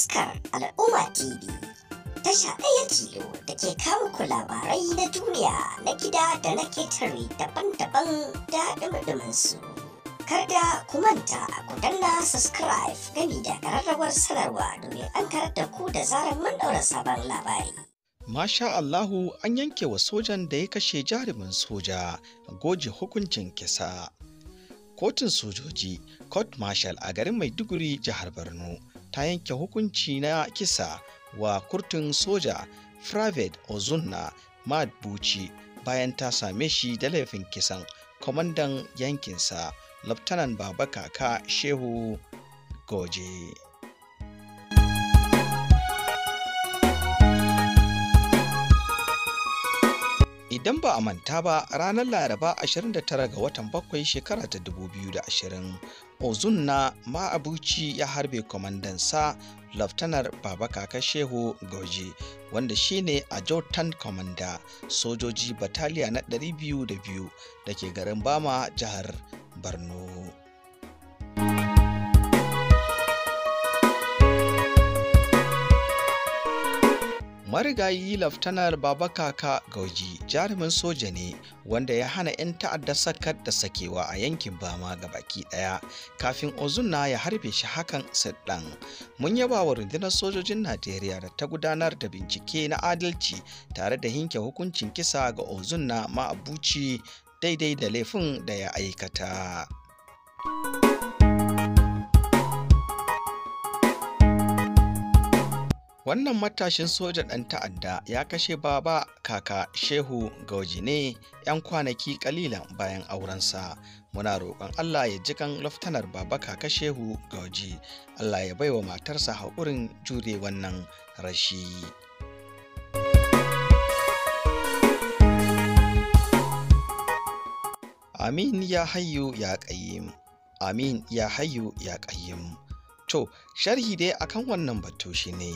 taskar al'umma tv tasha ɗaya tilo da ke kawo ku labarai na duniya na gida da na ketare daban-daban da ɗumɗumin su kada ku manta a ku danna subscribe gani da ƙararrawar sanarwa domin an karar da ku da zarar mun ɗaura sabon labari Masha Allahu an yanke wa sojan da ya kashe jarumin soja goje hukuncin kisa. kotun sojoji court marshal a garin maiduguri jihar borno ta yanke hukunci na kisa wa kurtun soja Private Ozunna Mad Buci bayan ta same shi da laifin kisan kwamandan yankinsa Laftanan Baba Kaka Shehu Goje. idan ba a manta ba ranar laraba 29 ga watan bakwai shekara ta 2020 ozun na ma'abuci ya harbe kwamandansa laftanar baba kaka shehu goji wanda shine a jordan kwamanda sojoji bataliya na 202 da ke garin bama jihar borno marigayi laftanar babakaka gauji jarumin soja ne wanda ya hana 'yan ta'adda sakar da sakewa a yankin bama ga baki daya kafin ozuna ya harbe shi hakan saddan mun yaba wa rundunar sojojin najeriya da ta gudanar da bincike na adalci tare da hinke hukuncin kisa ga ozunna ma'abuci daidai da laifin da ya aikata. wannan matashin soja ɗan ta'adda ya kashe baba kaka shehu ne 'yan kwanaki kalilan bayan aurensa muna roƙon allah ya ji kan laftanar baba kaka shehu gauji allah ya baiwa matarsa haƙurin jure wannan rashi amin ya hayu ya ƙayyim amin ya hayu ya ƙayyim to sharhi dai akan wannan batu shine ne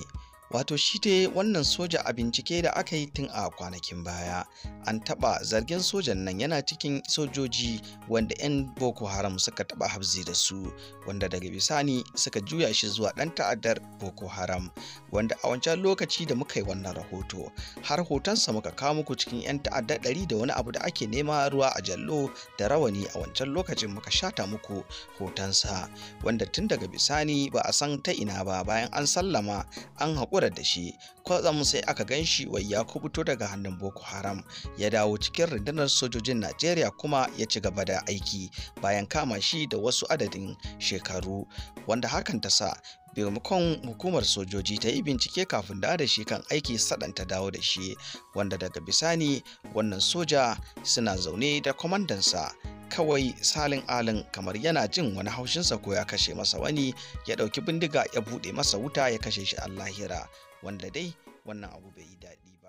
wato shi ta wannan soja a bincike da aka yi tun a kwanakin baya an taɓa zargin sojan nan yana cikin sojoji wanda 'yan boko haram suka taba hafzi da su wanda daga bisani suka juya shi zuwa ɗan ta'addar boko haram wanda a wancan lokaci da muka yi wannan rahoto har hotonsa muka kawo muku cikin 'yan ta'addar ɗari da wani abu da ake nema ruwa a jallo da rawani a wancan lokacin muka shata muku hotonsa wanda tun daga bisani ba a san ta ina ba bayan an sallama an haƙo haƙura da shi kwatsam sai aka gan shi wai ya kubuto daga hannun boko haram ya dawo cikin rundunar sojojin najeriya kuma ya ci gaba da aiki bayan kama shi da wasu adadin shekaru wanda hakan ta sa bimakon hukumar sojoji ta yi bincike kafin da da shi kan aiki sadan ta dawo da shi wanda daga bisani wannan soja suna zaune da kwamandansa kawai salin alin kamar yana jin wani haushinsa ko ya kashe masa wani ya dauki bindiga ya buɗe masa wuta ya kashe shi allahira wanda dai wannan abu bai yi daɗi ba